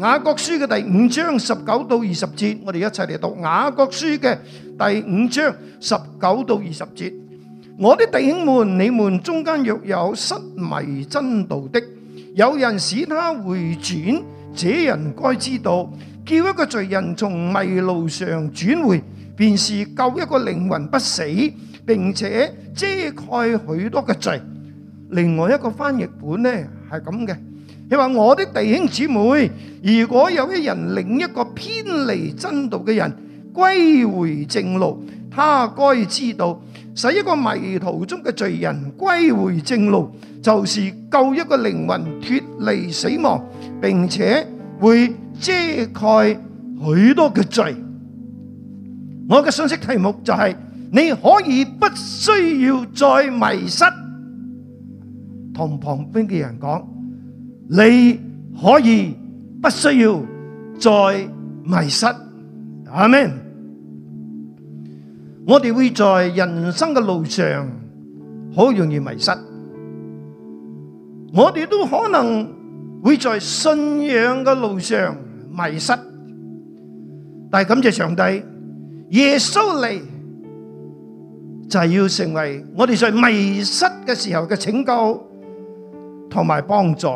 雅各書嘅第五章十九到二十節，我哋一齊嚟讀雅各書嘅第五章十九到二十節。我啲弟兄們，你們中間若有失迷真道的，有人使他回轉，這人該知道，叫一個罪人從迷路上轉回，便是救一個靈魂不死，並且遮蓋許多嘅罪。另外一個翻譯本呢係咁嘅。你話我的弟兄姊妹，如果有一人令一個偏離真道嘅人歸回正路，他該知道使一個迷途中嘅罪人歸回正路，就是救一個靈魂脫離死亡，並且會遮蓋許多嘅罪。我嘅信息題目就係你可以不需要再迷失，同旁邊嘅人講。你可以不需要再迷失，阿們。我哋會在人生嘅路上好容易迷失，我哋都可能會在信仰嘅路上迷失。但係感謝上帝，耶穌嚟，就係要成為我哋在迷失嘅時候嘅拯救同埋幫助。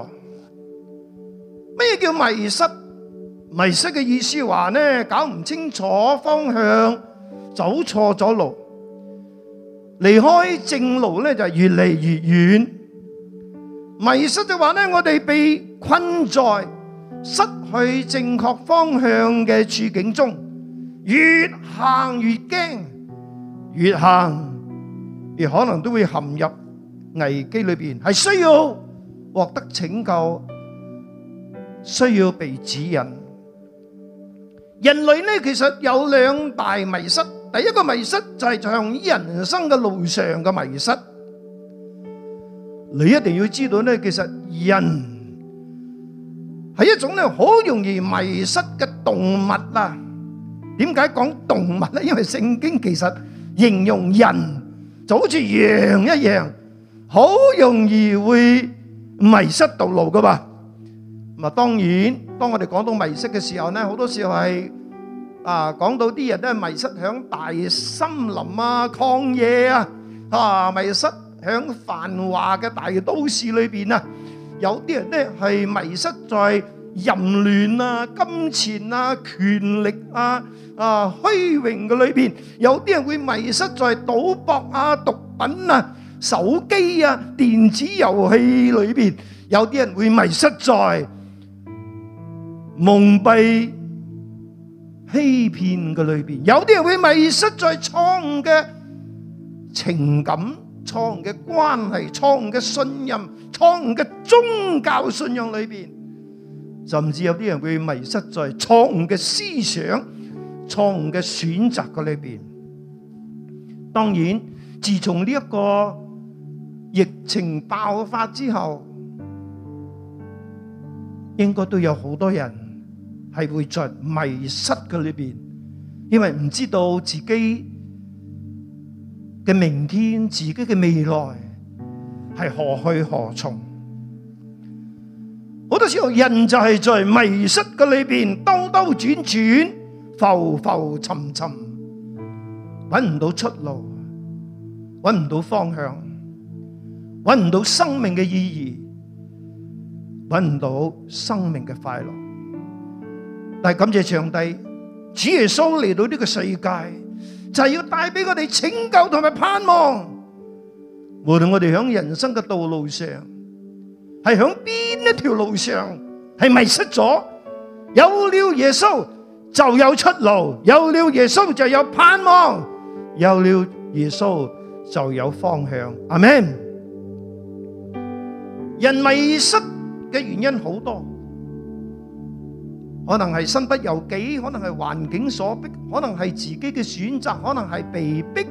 呢叫迷失，迷失嘅意思話呢，搞唔清楚方向，走錯咗路，離開正路呢就越嚟越遠。迷失就話呢，我哋被困在失去正確方向嘅處境中，越行越驚，越行而可能都會陷入危機裏邊，係需要獲得拯救。需要被指引。人類咧其實有兩大迷失，第一個迷失就係向人生嘅路上嘅迷失。你一定要知道咧，其實人係一種咧好容易迷失嘅動物啦。點解講動物咧？因為聖經其實形容人就好似羊一樣，好容易會迷失道路噶嘛。咁啊，當然，當我哋講到迷失嘅時候呢，好多時候係啊，講到啲人都係迷失喺大森林啊、曠野啊，啊迷失喺繁華嘅大都市裏邊啊，有啲人呢係迷失在淫亂啊、金錢啊、權力啊、啊虛榮嘅裏邊，有啲人會迷失在賭博啊、毒品啊、手機啊、電子遊戲裏邊，有啲人會迷失在蒙蔽、欺騙嘅裏邊，有啲人會迷失在錯誤嘅情感、錯誤嘅關係、錯誤嘅信任、錯誤嘅宗教信仰裏面，甚至有啲人會迷失在錯誤嘅思想、錯誤嘅選擇嘅裏面。當然，自從呢一個疫情爆發之後，應該都有好多人，係會在迷失嘅裏邊，因為唔知道自己嘅明天、自己嘅未來係何去何從。好多時候，人就係在迷失嘅裏邊兜兜轉轉、浮浮沉沉，搵唔到出路，搵唔到方向，搵唔到生命嘅意義，搵唔到生命嘅快樂。但係感謝上帝，主耶穌嚟到呢個世界，就係要帶俾我哋拯救同埋盼望。無論我哋響人生嘅道路上，係響邊一條路上係迷失咗，有了耶穌就有出路，有了耶穌就有盼望，有了耶穌就有方向。阿門。人迷失嘅原因好多。可能係身不由己，可能係環境所逼，可能係自己嘅選擇，可能係被逼。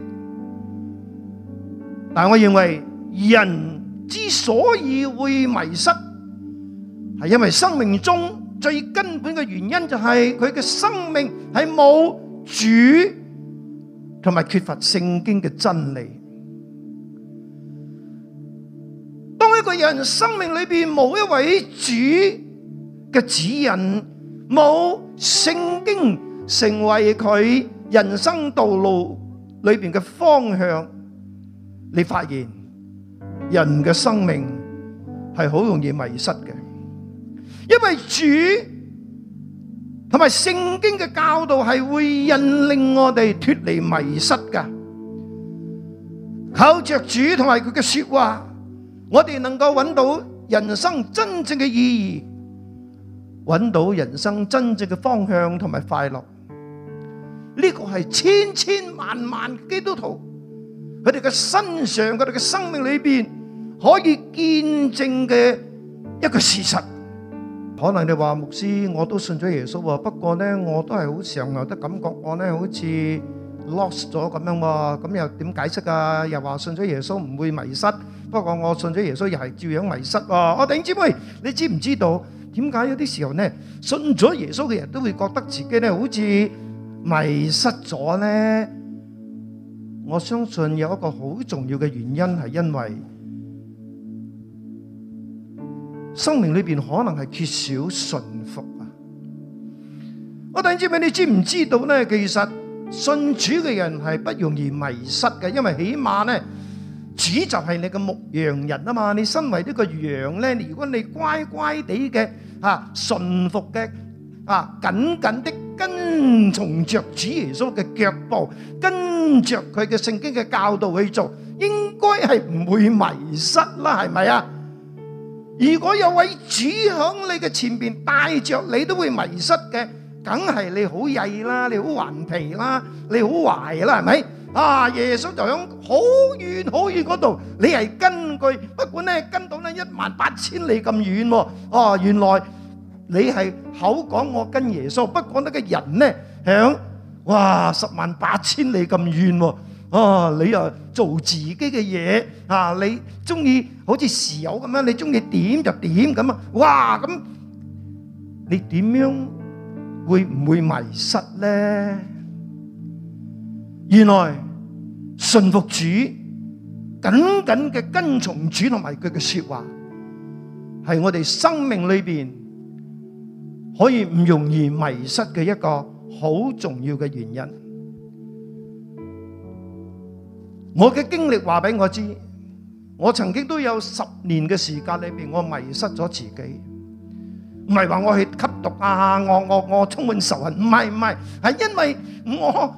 但我認為，人之所以會迷失，係因為生命中最根本嘅原因就係佢嘅生命係冇主，同埋缺乏聖經嘅真理。當一個人生命裏面冇一位主嘅指引，冇聖經成為佢人生道路裏面嘅方向，你發現人嘅生命係好容易迷失嘅，因為主同埋聖經嘅教導係會引領我哋脫離迷失噶。靠着主同埋佢嘅說話，我哋能夠揾到人生真正嘅意義。揾到人生真正嘅方向同埋快樂，呢個係千千萬萬基督徒，佢哋嘅身上，佢哋嘅生命裏邊可以見證嘅一個事實。可能你話牧師，我都信咗耶穌喎，不過呢我都係好常有啲感覺，我呢好似 lost 咗咁樣喎。咁又點解釋啊？又話信咗耶穌唔會迷失，不過我信咗耶穌又係照樣迷失喎。我頂，姊妹，你知唔知道？點解有啲時候呢，信咗耶穌嘅人都會覺得自己呢好似迷失咗呢？我相信有一個好重要嘅原因係因為生命裏面可能係缺少順服啊！我等你知唔你知唔知道呢？其實信主嘅人係不容易迷失嘅，因為起碼呢。主就係你個牧羊人啊嘛，你身為呢個羊呢，如果你乖乖地嘅啊順服嘅啊緊緊的跟從着主耶穌嘅腳步，跟着佢嘅聖經嘅教導去做，應該係唔會迷失啦，係咪啊？如果有位主響你嘅前邊帶着你都會迷失嘅，梗係你好曳啦，你好頑皮啦，你好壞啦，係咪？啊！耶穌就喺好遠好遠嗰度，你係根據不管咧跟到咧一萬八千里咁遠喎。哦，原來你係口講我跟耶穌，不管咧得個人咧喺哇十萬八千里咁遠喎。哦，你又做自己嘅嘢啊！你中意好似時友咁樣，你中意點就點咁啊！哇！咁你點樣會唔會迷失咧？原來順服主，緊緊嘅跟從主同埋佢嘅說話，係我哋生命裏邊可以唔容易迷失嘅一個好重要嘅原因。我嘅經歷話俾我知，我曾經都有十年嘅時間裏邊，我迷失咗自己，唔係話我去吸毒啊，我我我充滿仇恨，唔係，唔係，係因為我。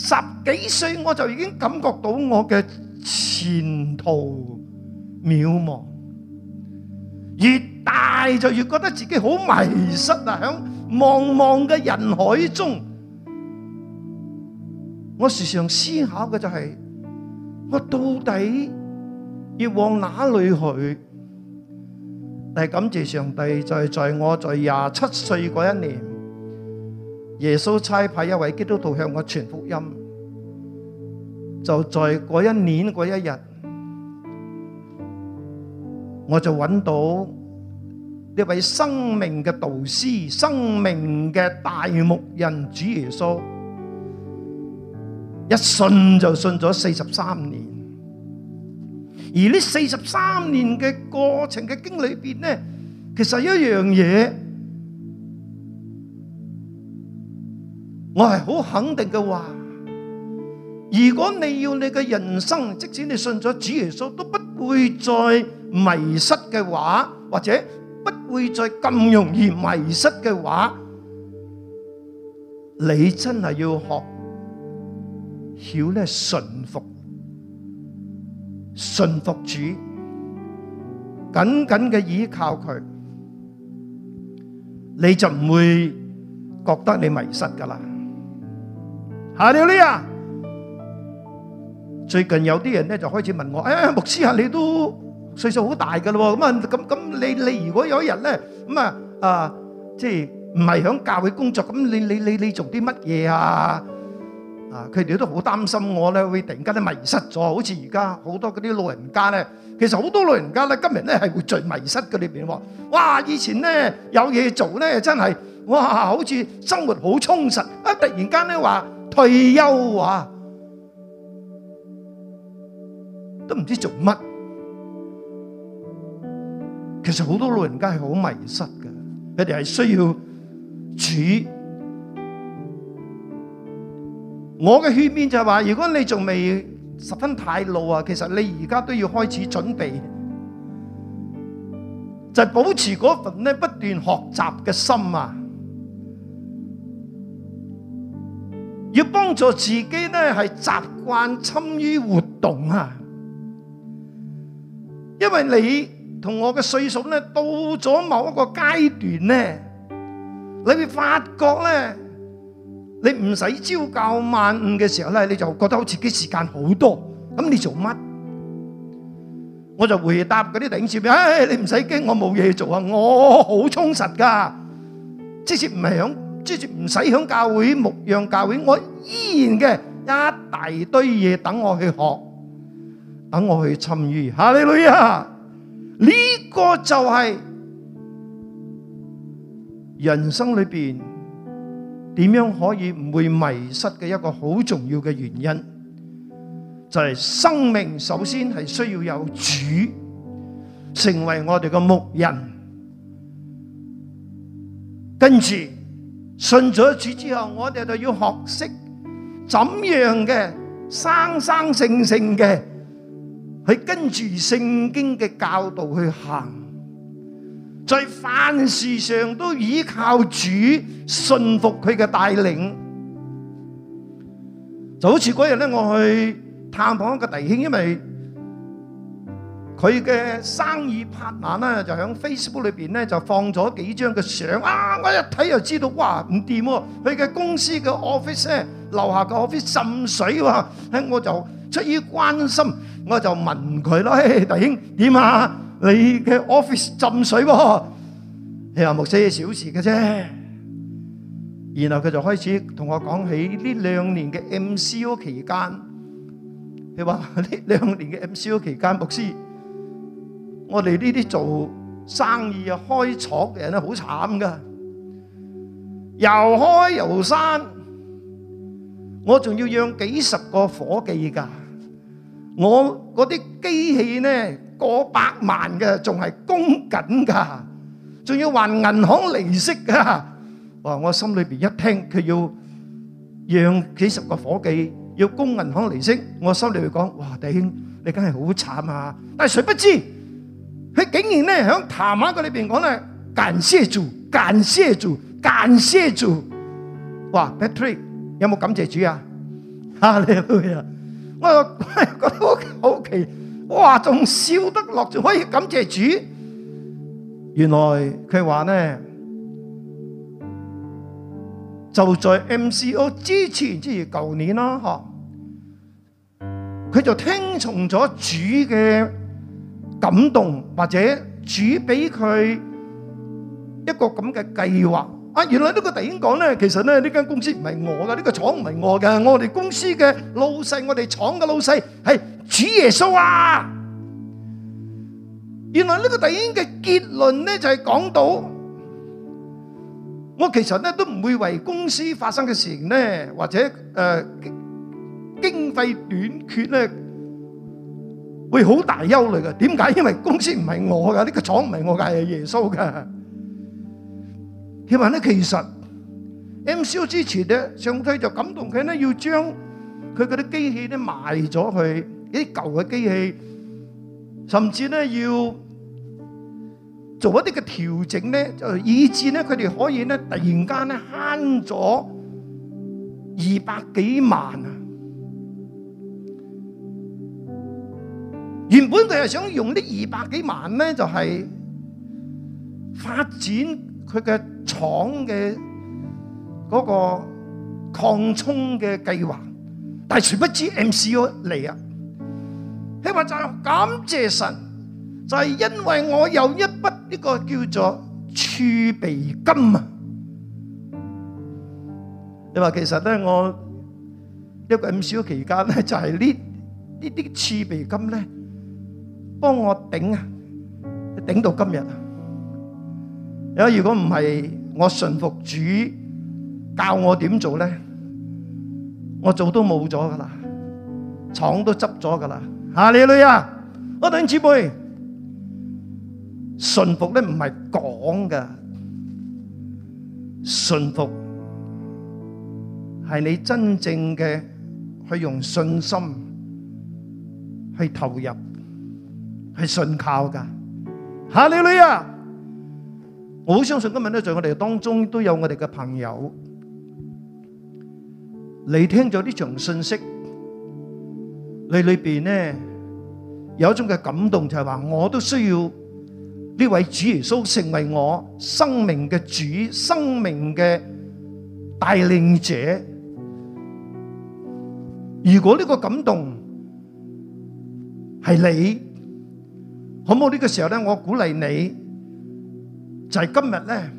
十幾歲我就已經感覺到我嘅前途渺茫，越大就越覺得自己好迷失啊！響茫茫嘅人海中，我時常思考嘅就係我到底要往哪裏去？但係感謝上帝，就係在我在廿七歲嗰一年。耶穌差派一位基督徒向我傳福音，就在嗰一年嗰一日，我就揾到呢位生命嘅導師、生命嘅大牧人主耶穌，一信就信咗四十三年，而呢四十三年嘅過程嘅經里邊呢，其實一樣嘢。我係好肯定嘅話，如果你要你嘅人生，即使你信咗主耶穌，都不會再迷失嘅話，或者不會再咁容易迷失嘅話，你真係要學曉咧，順服、順服主，緊緊嘅依靠佢，你就唔會覺得你迷失㗎喇。阿廖呢啊，最近有啲人咧，就開始問我，哎，牧師啊，你都歲數好大噶咯，咁啊，咁咁你你如果有一日咧，咁啊啊，即係唔係響教會工作，咁你你你你做啲乜嘢啊？啊，佢哋都好擔心我咧，會突然間咧迷失咗，好似而家好多嗰啲老人家咧，其實好多老人家咧，今日咧係會最迷失嘅裏邊。哇，以前咧有嘢做咧，真係哇，好似生活好充實，一突然間咧話。退休啊，都唔知做乜。其實好多老人家係好迷失嘅，佢哋係需要主。我嘅勸勉就係話，如果你仲未十分太老啊，其實你而家都要開始準備，就係保持嗰份咧不斷學習嘅心啊。要幫助自己咧，係習慣參與活動啊！因為你同我嘅歲數咧，到咗某一個階段咧，你會發覺咧，你唔使朝九晚五嘅時候咧，你就覺得好似啲時間好多，咁你做乜？我就回答嗰啲頂住，唉，你唔使驚，我冇嘢做啊，我好充實㗎，即使唔係。即使唔使響教會牧養教會，我依然嘅一大堆嘢等我去學，等我去沉魚吓你女啊！呢個就係人生裏邊點樣可以唔會迷失嘅一個好重要嘅原因，就係生命首先係需要有主成為我哋嘅牧人，跟住。信咗主之後，我哋就要學識怎樣嘅生生性性嘅去跟住聖經嘅教導去行，在凡事上都依靠主，信服佢嘅帶領。就好似嗰日咧，我去探訪一個弟兄，因為。佢嘅生意 partner 咧就喺 Facebook 裏邊咧就放咗幾張嘅相啊！我一睇就知道哇唔掂喎。佢嘅公司嘅 office 咧樓下嘅 office 浸水喎。咁我就出於關心，我就問佢啦：嘿，弟兄點啊？你嘅 office 浸水喎？你話牧師小事嘅啫。然後佢就開始同我講起呢兩年嘅 MCO 期間，佢話呢兩年嘅 MCO 期間，牧師。我哋呢啲做生意啊開廠嘅人咧好慘噶，又開又閂，我仲要養幾十個伙計噶，我嗰啲機器呢，過百萬嘅，仲係供緊噶，仲要還銀行利息噶哇！我心裏邊一聽佢要養幾十個伙計，要供銀行利息，我心裏會講：哇！弟兄，你梗係好慘啊！但係誰不知？佢竟然咧喺談話嘅裏邊講咧，感謝主，感謝主，感謝主。哇 Patrick 有冇感謝主啊？吓，你去啦！我又覺得好奇，哇，仲笑得落，仲可以感謝主。原來佢話咧，就在 MCO 之前，即係舊年啦，吓，佢就聽從咗主嘅。感動或者主俾佢一個咁嘅計劃啊！原來呢個弟兄講咧，其實咧呢間公司唔係我嘅，呢個廠唔係我嘅，我哋公司嘅老細，我哋廠嘅老細係主耶穌啊！原來呢個弟兄嘅結論咧就係講到，我其實咧都唔會為公司發生嘅事情呢，或者誒經費短缺咧。會好大憂慮噶？點解？因為公司唔係我噶，呢個廠唔係我噶，係耶穌噶。佢話咧，其實 MCO 之前咧，上帝就感動佢咧，要將佢嗰啲機器咧賣咗去，一啲舊嘅機器，甚至咧要做一啲嘅調整咧，就以致咧佢哋可以咧突然間咧慳咗二百幾萬啊！原本佢係想用呢二百幾萬咧，就係發展佢嘅廠嘅嗰個擴充嘅計劃，但係殊不知 MCO 嚟啊！佢話就感謝神，就係因為我有一筆呢個叫做儲備金啊！你話其實咧，我一個 MCO 期間咧，就係呢呢啲儲備金咧。幫我頂啊！頂到今日，如果如果唔係我順服主教我點做咧？我做都冇咗噶啦，廠都執咗噶啦。吓你女啊！我等姊妹，順服咧唔係講噶，順服係你真正嘅去用信心去投入。係信靠噶，哈！你女啊，我好相信今日咧，在我哋當中都有我哋嘅朋友，你聽咗呢場信息，你裏邊咧有一種嘅感動，就係話我都需要呢位主耶穌成為我生命嘅主、生命嘅帶領者。如果呢個感動係你？好冇呢個時候咧，我鼓勵你就係今日咧，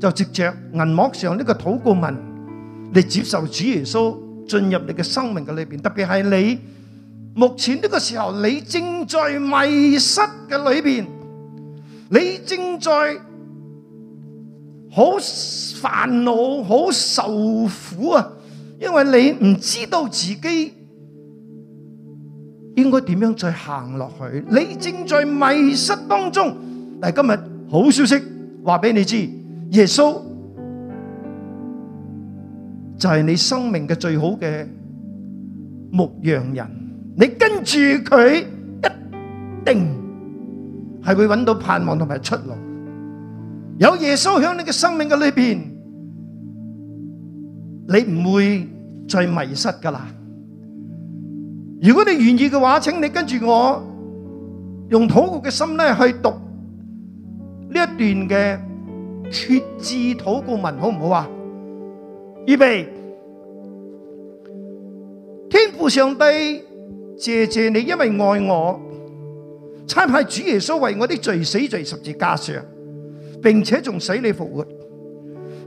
就藉著銀幕上呢個禱告文，你接受主耶穌進入你嘅生命嘅裏邊。特別係你目前呢個時候，你正在迷失嘅裏邊，你正在好煩惱、好受苦啊，因為你唔知道自己應該點樣再行落去？你正在迷失當中。但係，今日好消息話俾你知，耶穌就係你生命嘅最好嘅牧羊人。你跟住佢，一定係會揾到盼望同埋出路。有耶穌響你嘅生命嘅裏邊，你唔會再迷失噶啦。如果你願意嘅話，請你跟住我用禱告嘅心咧去讀呢一段嘅決志禱告文，好唔好啊？預備，天父上帝，謝謝你因為愛我，差派主耶穌為我的罪死在十字架上，並且仲使你復活。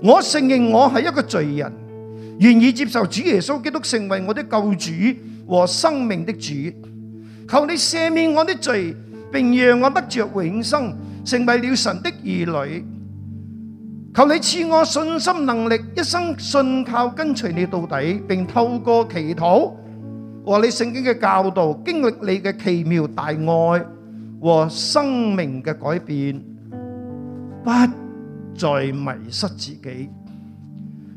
我承認我係一個罪人，願意接受主耶穌基督成為我的救主，和生命的主，求你赦免我的罪，並讓我得着永生，成為了神的兒女。求你賜我信心能力，一生信靠跟隨你到底，並透過祈禱和你聖經嘅教導，經歷你嘅奇妙大愛和生命嘅改變，不再迷失自己。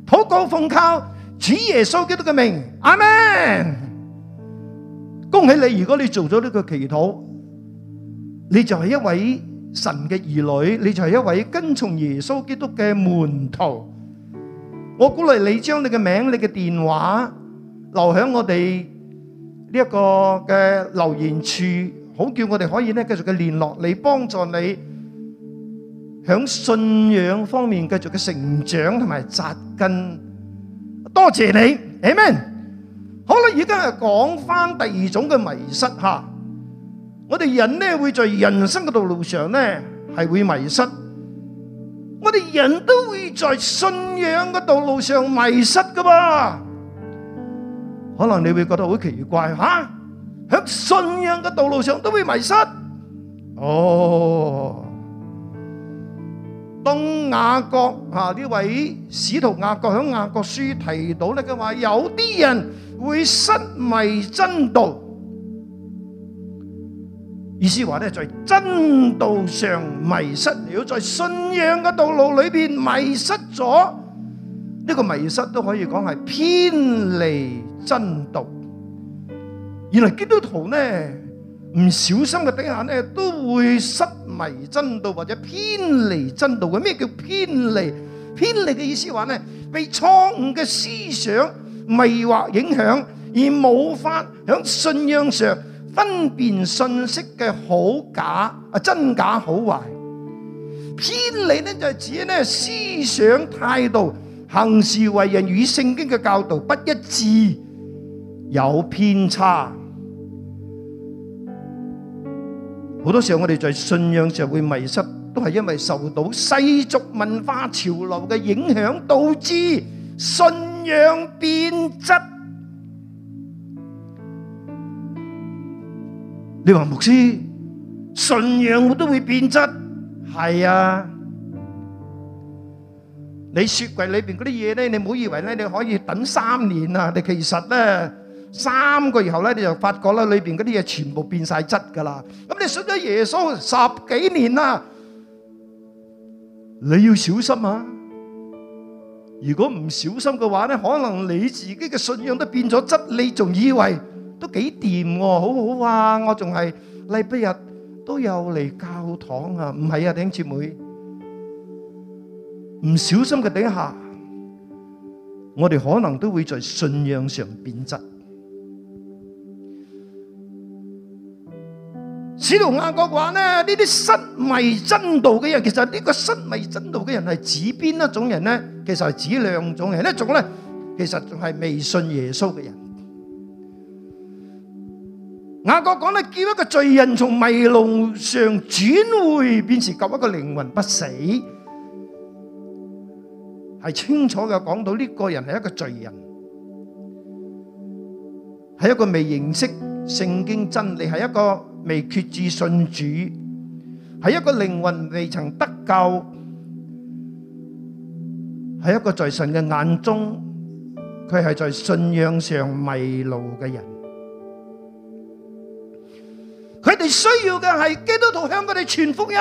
禱告奉靠主耶穌基督嘅名，阿門。恭喜你！如果你做咗呢個祈禱，你就係一位神嘅兒女，你就係一位跟從耶穌基督嘅門徒。我鼓勵你將你嘅名、你嘅電話留喺我哋呢一個嘅留言處，好叫我哋可以咧繼續嘅聯絡你，幫助你響信仰方面繼續嘅成長同埋紮根。多謝你，阿門。好啦，而家係講返第二種嘅迷失嚇。我哋人咧會在人生嘅道路上咧係會迷失，我哋人都會在信仰嘅道路上迷失噶噃。可能你會覺得好奇怪嚇，喺、啊、信仰嘅道路上都會迷失，哦。東亞國，嚇，呢位使徒亞國，喺亞國書提到咧，佢話有啲人會失迷真道，意思話咧，在真道上迷失了，在信仰嘅道路裏邊迷失咗，呢個迷失都可以講係偏離真道。原來基督徒咧。唔小心嘅底下咧，都會失迷真道或者偏離真道嘅。咩叫偏離？偏離嘅意思話咧，被錯誤嘅思想迷惑影響，而冇法響信仰上分辨信息嘅好假啊真假好壞。偏離呢，就係指咧思想態度、行事為人與聖經嘅教導不一致，有偏差。好多時候我哋在信仰上會迷失，都係因為受到世俗文化潮流嘅影響，導致信仰變質。你話牧師，信仰都會變質，係啊！你雪櫃裏面嗰啲嘢咧，你唔好以為咧你可以等三年啊！你其實咧～三個月後咧，你就發覺咧，裏邊嗰啲嘢全部變晒質噶啦。咁你信咗耶穌十幾年啦，你要小心啊！如果唔小心嘅話咧，可能你自己嘅信仰都變咗質，你仲以為都幾掂喎，好好啊！我仲係禮拜日都有嚟教堂啊。唔係啊，頂住妹，唔小心嘅底下，我哋可能都會在信仰上變質。使徒雅各話咧，呢啲失迷真道嘅人，其實呢個失迷真道嘅人係指邊一種人咧？其實係指兩種人，一種咧，其實仲係未信耶穌嘅人。雅各講咧，叫一個罪人從迷路上轉回，便是救一個靈魂不死，係清楚嘅講到呢個人係一個罪人，係一個未認識聖經真理，係一個。未決志信主，係一個靈魂未曾得救，係一個在神嘅眼中，佢係在信仰上迷路嘅人。佢哋需要嘅係基督徒向佢哋傳福音，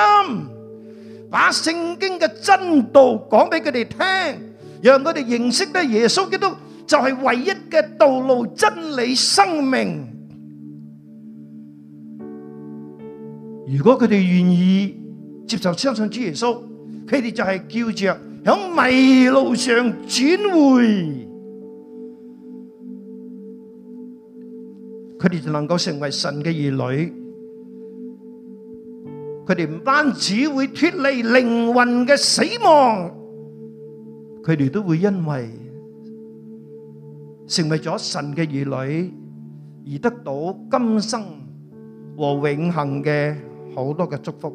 把聖經嘅真道講俾佢哋聽，讓佢哋認識呢耶穌基督就係唯一嘅道路、真理、生命。如果佢哋願意接受，相信主耶穌，佢哋就係叫着響迷路上轉回，佢哋就能夠成為神嘅兒女。佢哋唔單止會脫離靈魂嘅死亡，佢哋都會因為成為咗神嘅兒女而得到今生和永恆嘅好多嘅祝福，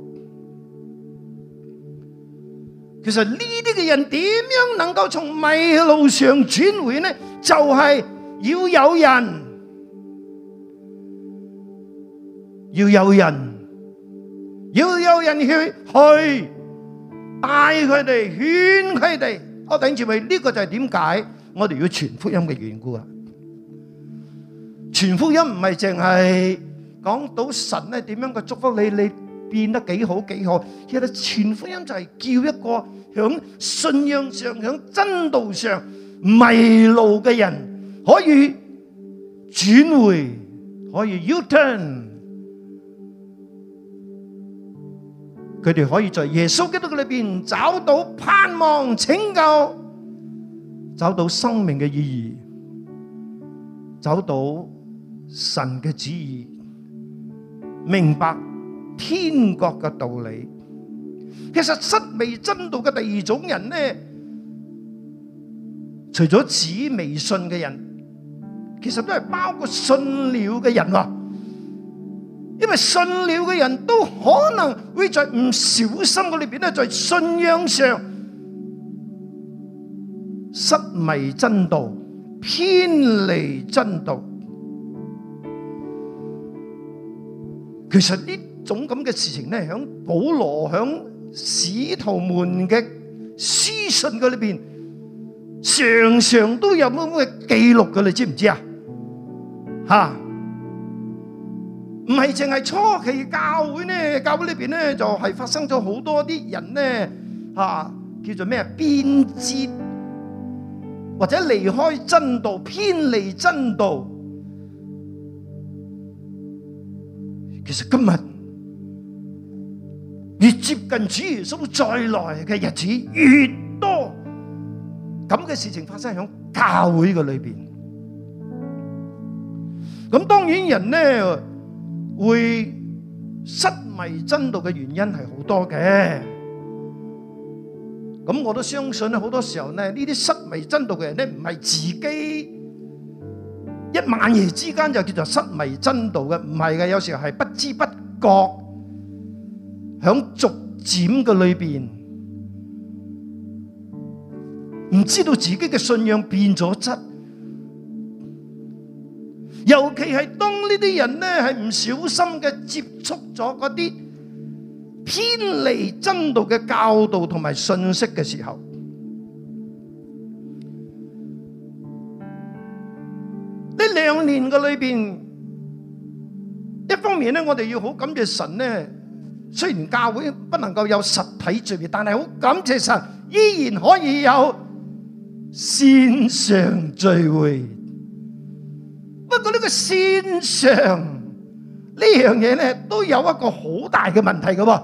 其實呢啲嘅人點樣能夠從迷路上轉回呢？就係要有人，要有人，要有人去去帶佢哋、勸佢哋。我頂住未？呢個就係點解我哋要傳福音嘅緣故呀！傳福音唔係淨係。講到神係點樣嘅祝福你，你變得幾好幾好。其實全福音就係叫一個響信仰上、響真道上迷路嘅人，可以轉回，可以 U-turn。佢哋可以在耶穌基督嘅裏邊找到盼望、拯救，找到生命嘅意義，找到神嘅旨意。明白天國嘅道理，其實失迷真道嘅第二種人咧，除咗只未信嘅人，其實都係包括信了嘅人啊。因為信了嘅人都可能會在唔小心嘅裏邊咧，在信仰上失迷真道，偏離真道。其實呢種咁嘅事情咧，喺保羅、喺使徒們嘅書信嘅裏邊，常常都有咁嘅記錄嘅，你知唔知啊？吓，唔係淨係初期教會咧，教會裏邊咧就係發生咗好多啲人咧，吓、啊、叫做咩啊？變節或者離開真道，偏離真道。其實今日越接近主耶穌再來嘅日子，越多咁嘅事情發生喺教會嘅裏邊。咁當然人呢會失迷真道嘅原因係好多嘅。咁我都相信咧，好多時候呢呢啲失迷真道嘅人呢唔係自己，一晚夜之間就叫做失迷真道嘅？唔係嘅，有時候係不知不覺響逐漸嘅裏邊，唔知道自己嘅信仰變咗質。尤其係當呢啲人呢，係唔小心嘅接觸咗嗰啲偏離真道嘅教導同埋信息嘅時候。兩年嘅裏邊，一方面咧，我哋要好感謝神咧。雖然教會不能夠有實體聚會，但係好感謝神，依然可以有線上聚會。不過呢個線上呢樣嘢咧，都有一個好大嘅問題嘅噃。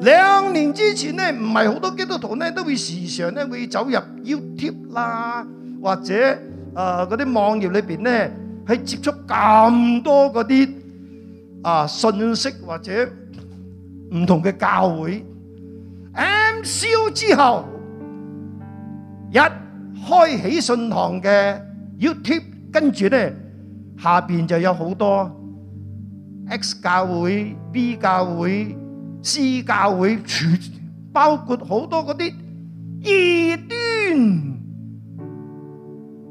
兩年之前咧，唔係好多基督徒咧都會時常咧會走入 YouTube 啦，或者啊嗰啲網頁裏邊咧，喺接觸咁多嗰啲啊信息或者唔同嘅教會。MCO 之後，一開起信堂嘅 YouTube，跟住咧下邊就有好多 X 教會、B 教會。私教會，包括好多嗰啲異端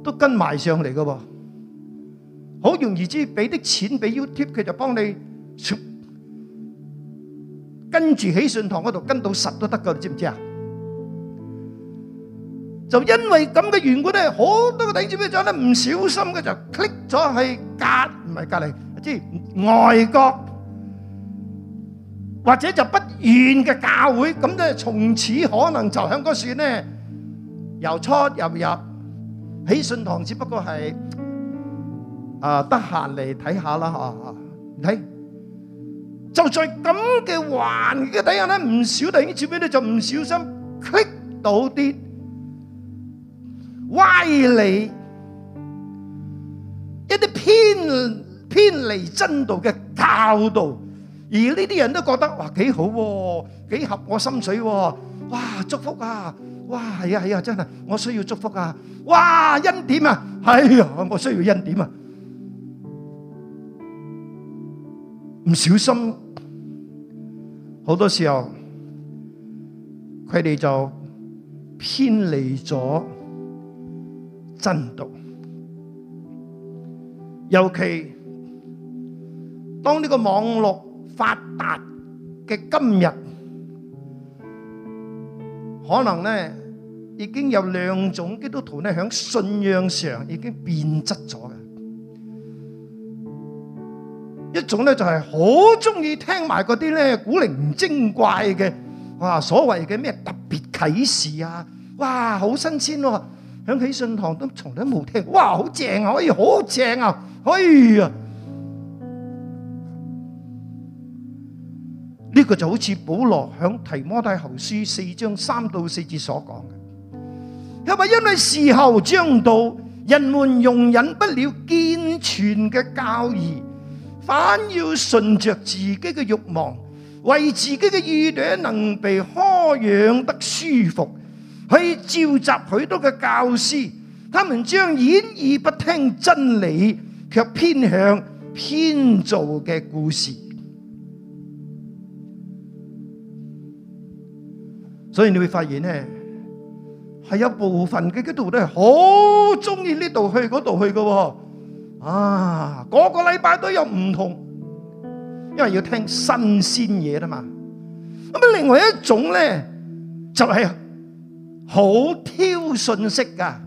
都跟埋上嚟噶喎，好容易之俾啲錢俾 YouTube，佢就幫你跟住喺信堂嗰度跟到實都得噶，你知唔知啊？就因為咁嘅緣故咧，好多個弟兄都走得唔小心嘅，就 click 咗去隔唔係隔離，即係外國。或者就不遠嘅教會，咁咧從此可能就喺嗰樹咧由出入入，喜信堂只不過係啊得閒嚟睇下啦吓。你睇就在咁嘅環境底下咧，唔少弟兄姊妹咧就唔小心棘到啲歪理，一啲偏偏離真道嘅教導。而呢啲人都覺得哇幾好喎，幾合我心水喎！哇祝福啊，哇係啊係啊真係，我需要祝福啊！哇恩典啊，哎呀我需要恩典啊！唔小心，好多時候佢哋就偏離咗真道，尤其當呢個網絡發達嘅今日，可能咧已經有兩種基督徒咧喺信仰上已經變質咗嘅。一種咧就係好中意聽埋嗰啲咧古靈精怪嘅，哇！所謂嘅咩特別啟示啊，哇！好新鮮喎、啊，響起信堂都從來冇聽，哇！好正啊，可以好正啊，去啊！呢個就好似保羅響提摩太後書四章三到四節所講嘅，係咪因為時候將到，人們容忍不了健全嘅教義，反要順着自己嘅慾望，為自己嘅耳朵能被呵養得舒服，去召集許多嘅教師，他們將掩耳不聽真理，卻偏向編造嘅故事。所以你會發現咧，係有部分嘅基督徒咧，好中意呢度去嗰度去噶，啊，嗰個禮拜都有唔同，因為要聽新鮮嘢啦嘛。咁啊，另外一種咧就係好挑信息噶，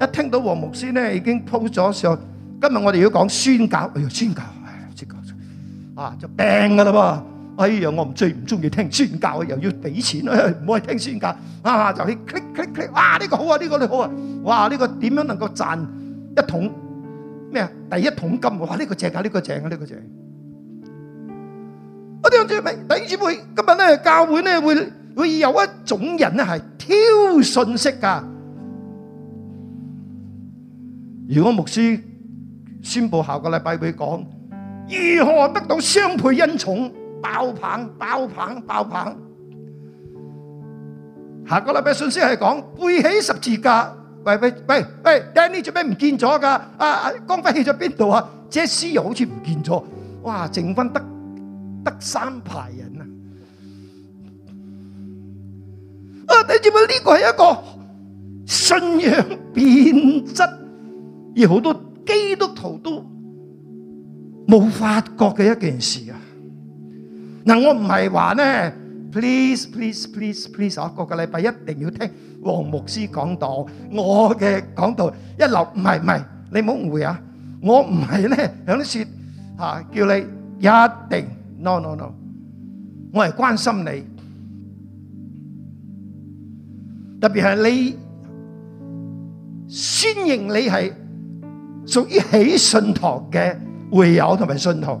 一聽到黃牧師咧已經鋪咗上，今日我哋要講宣教，哎呀，宣教，唔知講咩啊，就病噶啦噃。哎呀，我唔最唔中意聽宣教，又要俾錢，唔好去聽宣教啊，就去 click click click，哇呢個好啊，呢個你好啊，哇呢個點樣能夠賺一桶咩啊？第一桶金，哇呢個正啊，呢個正啊，呢個正啊！我哋弟兄姊妹，今日咧教會咧會會有一種人咧係挑信息噶。如果牧師宣布下個禮拜會講如何得到雙倍恩寵。爆棚！爆棚！爆棚！下個禮拜信息係講背起十字架，喂喂喂！Danny 做咩唔見咗噶？啊啊！光輝去咗邊度啊？J. C. 又好似唔見咗，哇！剩翻得得三排人啊！啊！你知唔知呢個係一個信仰變質而好多基督徒都冇發覺嘅一件事啊！嗱，我唔係話咧，please，please，please，please 啊，個個禮拜一定要聽黃牧師講道。我嘅講道一流唔係唔係，你唔好誤會啊！我唔係咧響啲說吓，叫你一定 no no no，我係關心你，特別係你宣認你係屬於起信徒嘅，會友同埋信徒。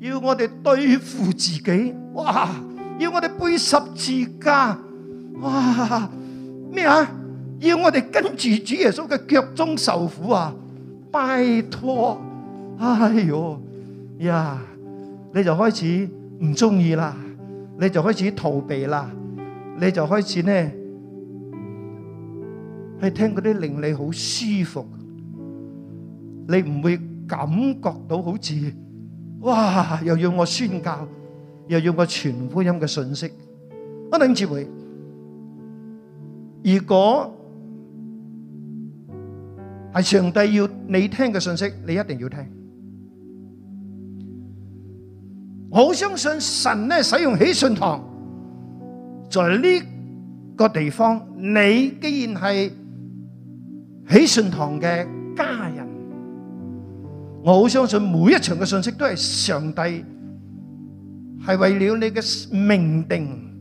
要我哋對付自己，哇！要我哋背十字架，哇！咩啊？要我哋跟住主耶穌嘅腳中受苦啊！拜託，哎呦呀！Yeah, 你就開始唔中意啦，你就開始逃避啦，你就開始呢，去聽嗰啲令你好舒服，你唔會感覺到好似。哇！又要我宣教，又要我傳福音嘅信息，我擰住回。如果係上帝要你聽嘅信息，你一定要聽。我好相信神咧使用喜信堂，在呢個地方，你既然係喜信堂嘅家人。我好相信每一場嘅信息都係上帝係為了你嘅命定，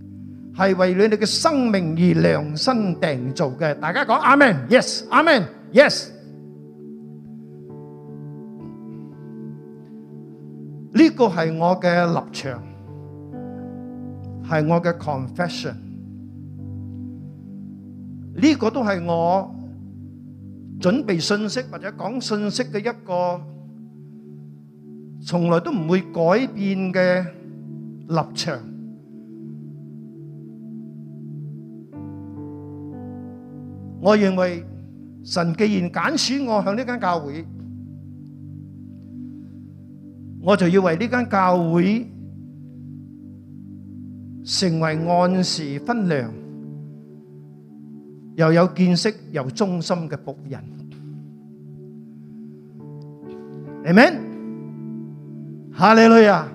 係為了你嘅生命而量身訂造嘅。大家講，Amen，yes，Amen，yes。呢個係我嘅立場，係我嘅 confession。呢個都係我準備信息或者講信息嘅一個。從來都唔會改變嘅立場。我認為神既然揀選我向呢間教會，我就要為呢間教會成為按時分糧，又有見識又忠心嘅僕人。Amen。下嚟去啊！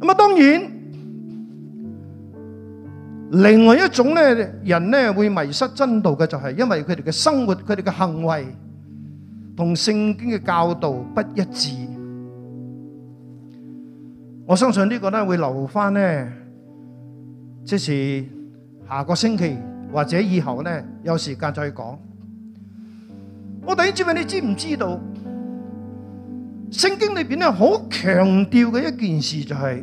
咁啊，當然，另外一種咧，人咧會迷失真道嘅，就係因為佢哋嘅生活、佢哋嘅行為同聖經嘅教導不一致。我相信呢個咧會留翻咧，即係下個星期或者以後咧有時間再講。我第一，問你你知唔知道？聖經裏邊咧好強調嘅一件事就係，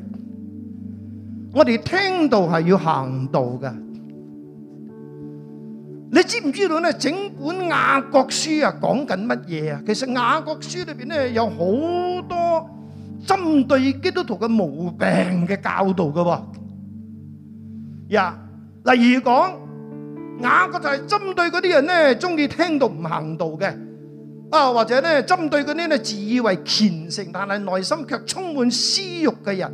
我哋聽到係要行道嘅。你知唔知道咧？整本雅各書啊，講緊乜嘢啊？其實雅各書裏邊咧有好多針對基督徒嘅毛病嘅教導嘅。呀，例如講雅各就係針對嗰啲人咧，中意聽到唔行道嘅。啊，或者咧，針對嗰啲咧自以為虔誠，但係內心卻充滿私欲嘅人；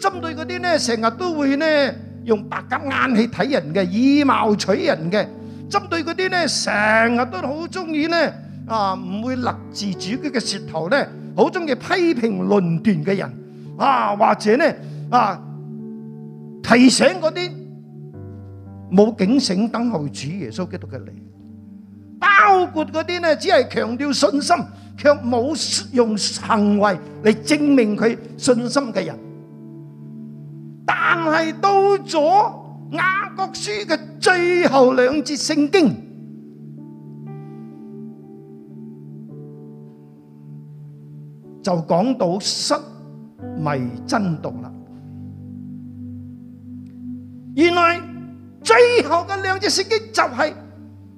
針對嗰啲咧成日都會咧用白鴿眼去睇人嘅，以貌取人嘅；針對嗰啲咧成日都好中意咧啊，唔會勒住自己嘅舌頭咧，好中意批評論斷嘅人啊，或者咧啊，提醒嗰啲冇警醒等候主耶穌基督嘅你。包括嗰啲呢，只係強調信心，卻冇用行為嚟證明佢信心嘅人。但係到咗雅各書嘅最後兩節聖經，就講到失迷真道啦。原來最後嘅兩節聖經就係。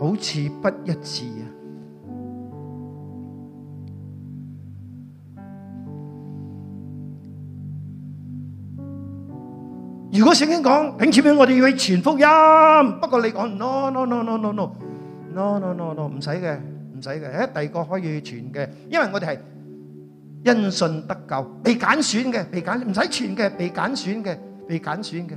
好似不一致啊！如果聖經講，請請我哋要傳福音，不過你講 no no no no no no no no no 唔使嘅，唔使嘅，喺第個可以傳嘅，因為我哋係因信得救，被揀選嘅，被揀，唔使傳嘅，被揀選嘅，被揀選嘅。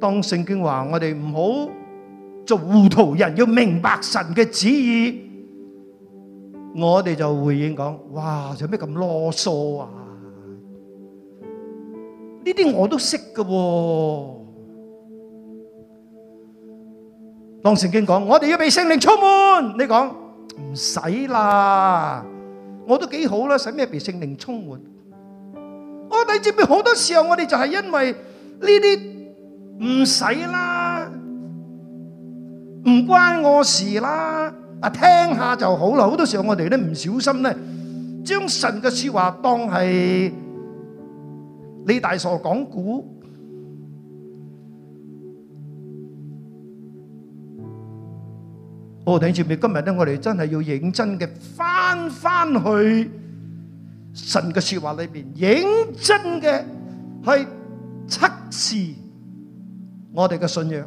當聖經話我哋唔好做糊塗人，要明白神嘅旨意，我哋就回應講：哇，有咩咁囉嗦啊？呢啲我都識噶。當聖經講我哋要被聖靈充滿，你講唔使啦，我都幾好啦，使咩被聖靈充滿？我哋這邊好多時候，我哋就係因為呢啲。唔使啦，唔關我事啦。啊，聽下就好啦。好多時候我哋咧唔小心咧，將神嘅說話當係李大傻講古。我哋前面今日咧，我哋真係要認真嘅返返去神嘅說話裏邊，認真嘅去測試。我哋嘅信仰，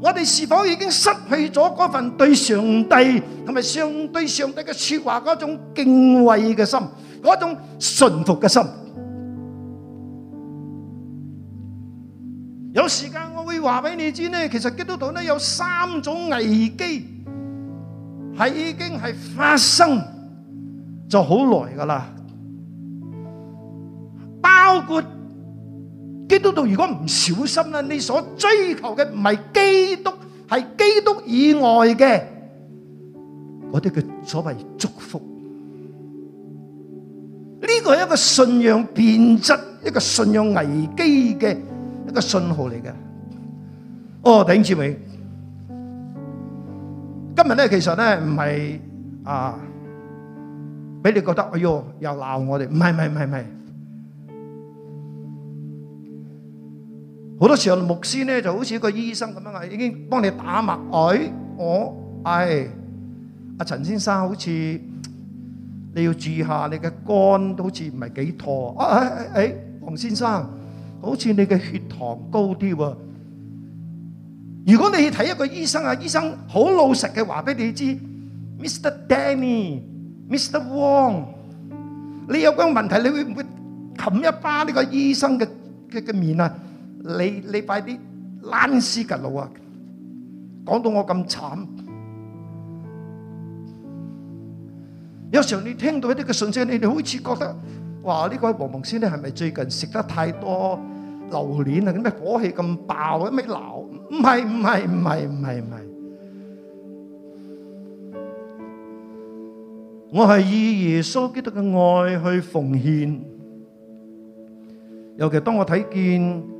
我哋是否已經失去咗嗰份對上帝同埋上對上帝嘅說話嗰種敬畏嘅心，嗰種順服嘅心？有時間我會話俾你知呢。其實基督徒呢有三種危機係已經係發生，咗好耐噶啦，包括。基督徒如果唔小心咧，你所追求嘅唔係基督，係基督以外嘅嗰啲嘅所謂祝福。呢個係一個信仰變質，一個信仰危機嘅一個信號嚟嘅。哦，頂住未？今日咧其實咧唔係啊，俾你覺得哎喲又鬧我哋，唔係唔係唔係唔係。好多時候牧師咧就好似一個醫生咁樣啊，已經幫你打脈佢，我唉阿陳先生，好似你要注意下你嘅肝都好似唔係幾妥啊！誒誒誒，黃先生，好似你嘅血糖高啲喎。如果你去睇一個醫生啊，醫生好老實嘅話俾你知，Mr. Danny，Mr. Wong，你有個問題，你會唔會冚一巴呢個醫生嘅嘅嘅面啊？你你快啲攔屍格路啊！講到我咁慘，有時候你聽到一啲嘅信息，你哋好似覺得嘩，呢個黃蒙先咧係咪最近食得太多榴蓮啊？咁咩火氣咁爆，咁咩鬧？唔係唔係唔係唔係唔係，我係以耶穌基督嘅愛去奉獻，尤其當我睇見。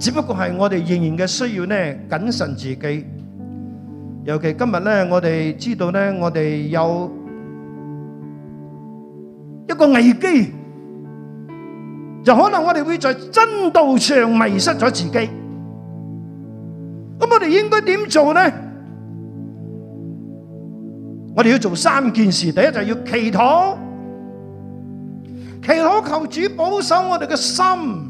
只不過係我哋仍然嘅需要呢，謹慎自己。尤其今日咧，我哋知道咧，我哋有一個危機，就可能我哋會在真道上迷失咗自己。咁我哋應該點做咧？我哋要做三件事，第一就係要祈禱，祈禱求主保守我哋嘅心。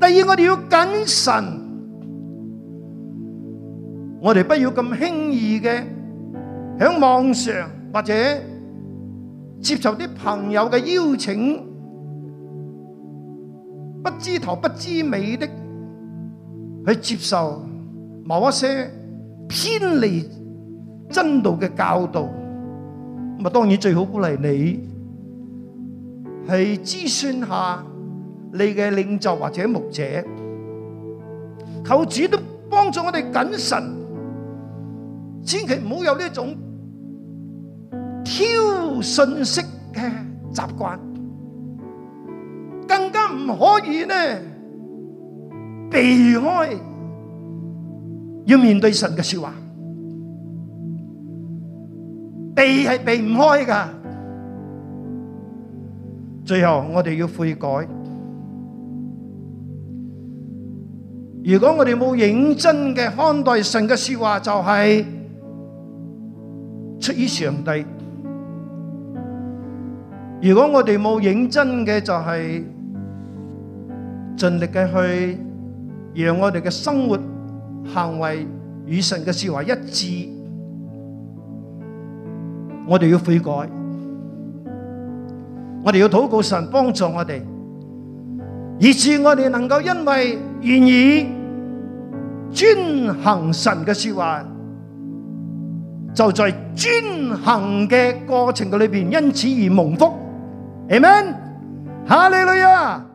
第二，我哋要謹慎，我哋不要咁輕易嘅喺網上或者接受啲朋友嘅邀請，不知頭不知尾的去接受某一些偏離真道嘅教導，咁啊當然最好鼓勵你去諮詢下。你嘅領袖或者牧者，求主都幫助我哋謹慎，千祈唔好有呢種挑信息嘅習慣，更加唔可以呢避開要面對神嘅說話，避係避唔開噶，最後我哋要悔改。如果我哋冇認真嘅看待神嘅說話，就係出於上帝。如果我哋冇認真嘅，就係盡力嘅去讓我哋嘅生活行為與神嘅說話一致，我哋要悔改，我哋要禱告神幫助我哋。而是我哋能夠因為願意遵行神嘅說話，就在遵行嘅過程嘅裏面，因此而蒙福。Amen，哈利路亞！